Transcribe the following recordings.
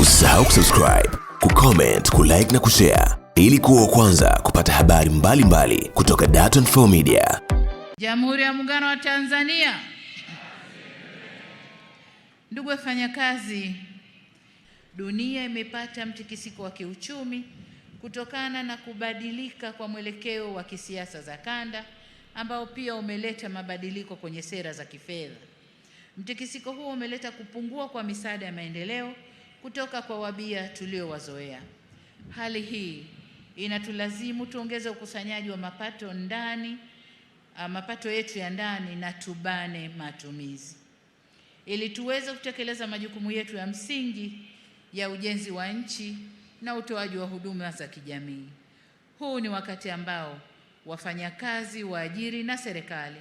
Usisahau kusubscribe, kucomment, kulike na kushare ili kuwa kwanza kupata habari mbalimbali mbali kutoka Dar24 Media. Jamhuri ya Muungano wa Tanzania. Ndugu wafanyakazi, dunia imepata mtikisiko wa kiuchumi kutokana na kubadilika kwa mwelekeo wa kisiasa za kanda ambao pia umeleta mabadiliko kwenye sera za kifedha. Mtikisiko huo umeleta kupungua kwa misaada ya maendeleo kutoka kwa wabia tuliowazoea. Hali hii inatulazimu tuongeze ukusanyaji wa mapato ndani, ah, mapato yetu ya ndani na tubane matumizi ili tuweze kutekeleza majukumu yetu ya msingi ya ujenzi wa nchi na utoaji wa huduma za kijamii. Huu ni wakati ambao wafanyakazi, waajiri na serikali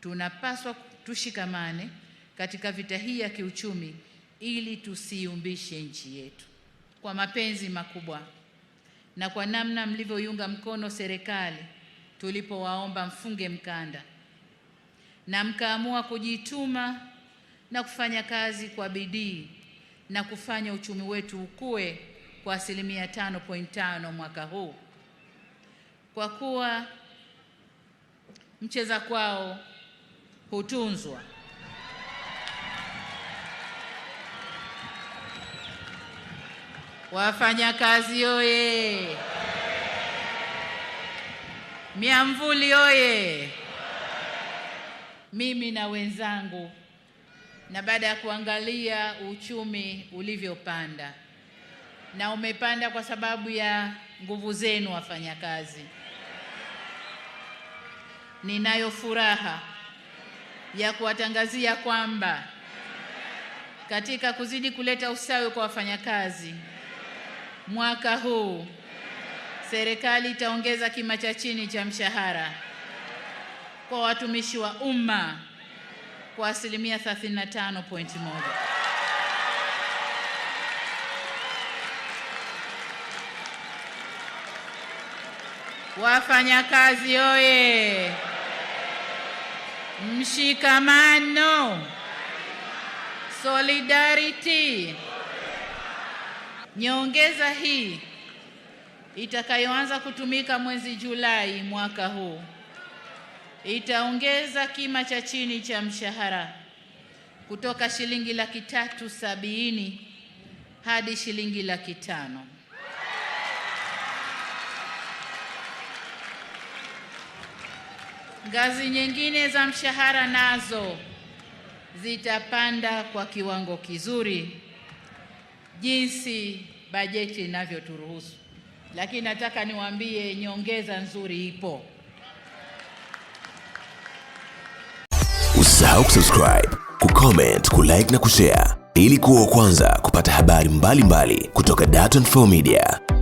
tunapaswa tushikamane katika vita hii ya kiuchumi ili tusiumbishe nchi yetu. Kwa mapenzi makubwa na kwa namna mlivyoiunga mkono serikali tulipowaomba mfunge mkanda na mkaamua kujituma na kufanya kazi kwa bidii na kufanya uchumi wetu ukue kwa asilimia 5.5 mwaka huu. Kwa kuwa mcheza kwao hutunzwa Wafanyakazi oye! Miamvuli oye! Mimi na wenzangu, na baada ya kuangalia uchumi ulivyopanda, na umepanda kwa sababu ya nguvu zenu wafanyakazi, ninayo furaha ya kuwatangazia kwamba katika kuzidi kuleta ustawi kwa wafanyakazi Mwaka huu serikali itaongeza kima cha chini cha mshahara kwa watumishi wa umma kwa asilimia 35.1. Wafanyakazi oye! Mshikamano, solidarity Nyongeza hii itakayoanza kutumika mwezi Julai mwaka huu itaongeza kima cha chini cha mshahara kutoka shilingi laki tatu sabini hadi shilingi laki tano. Ngazi nyingine za mshahara nazo zitapanda kwa kiwango kizuri jinsi bajeti inavyoturuhusu, lakini nataka niwaambie nyongeza nzuri ipo. Usisahau kusubscribe, kucomment, kulike na kushare ili kuwa wa kwanza kupata habari mbalimbali mbali kutoka Dar24 Media.